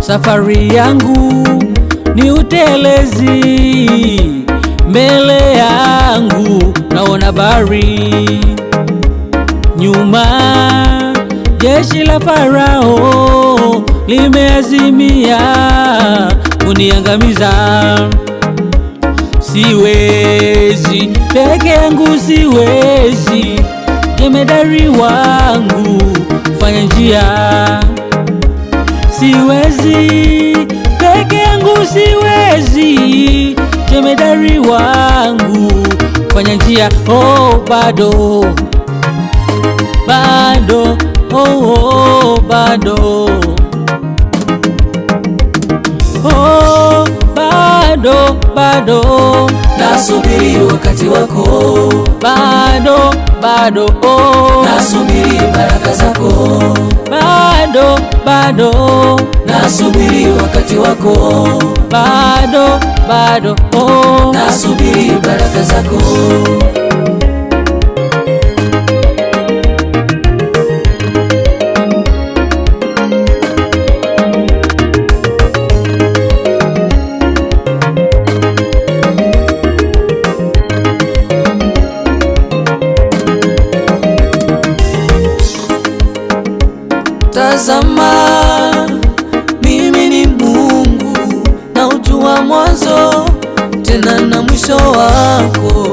Safari yangu ni utelezi, mbele yangu naona bahari nyuma, jeshi la Farao limeazimia kuniangamiza. Siwezi peke yangu, siwezi, jemedari wangu fanya njia. Siwezi peke yangu, siwezi, jemedari wangu fanya njia. Oh, bado bado oh, oh, bado oh, bado bado nasubiri wakati wako bado bado oh, nasubiri baraka zako bado bado nasubiri wakati wako bado bado oh, nasubiri baraka zako wako,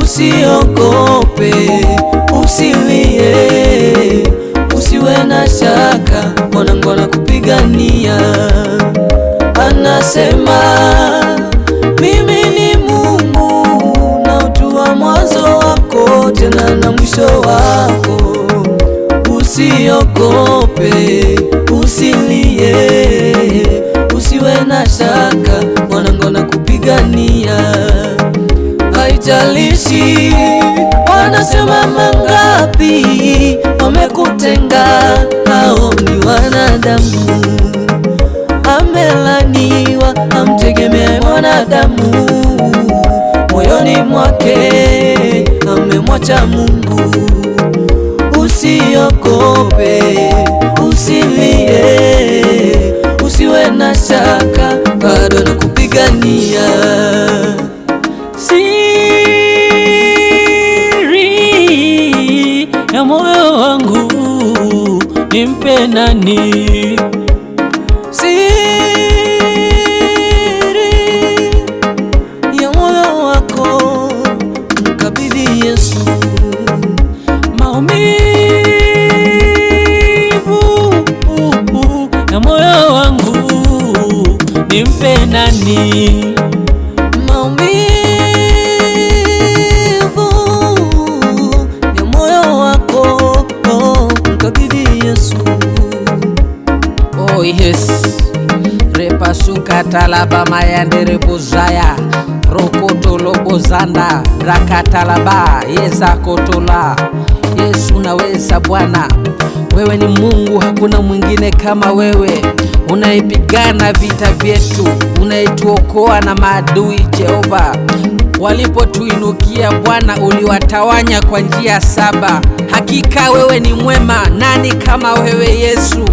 usiogope, usilie, usiwe na shaka, mwanangu anakupigania. Anasema mimi ni Mungu na naujua mwanzo wako tena na mwisho wako, usiogope, usilie, usiwe na shaka, mwanangu anakupigania hawajalishi wanasema mangapi wamekutenga, hao ni wanadamu, amelaniwa amtegemea mwanadamu, moyoni mwake amemwacha Mungu. Usiogope, usilie na moyo wangu nimpe nani? Siri ya moyo wako mkabidhi Yesu, maumivu uh, uh, uh, ya moyo wangu nimpe nani? Oh yes repasuka talaba mayande Raka talaba rakatalaba yezakotola Yesu, unaweza Bwana, wewe ni Mungu, hakuna mwingine kama wewe, unaipigana vita vyetu, unaituokoa na maadui. Jehova, walipotuinukia Bwana, uliwatawanya kwa njia saba. Hakika wewe ni mwema, nani kama wewe Yesu?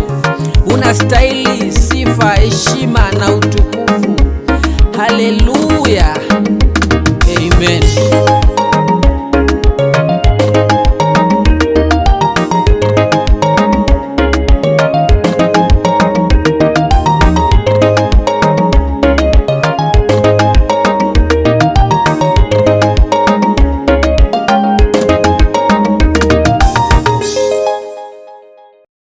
Unastahili sifa, heshima na utukufu. Haleluya.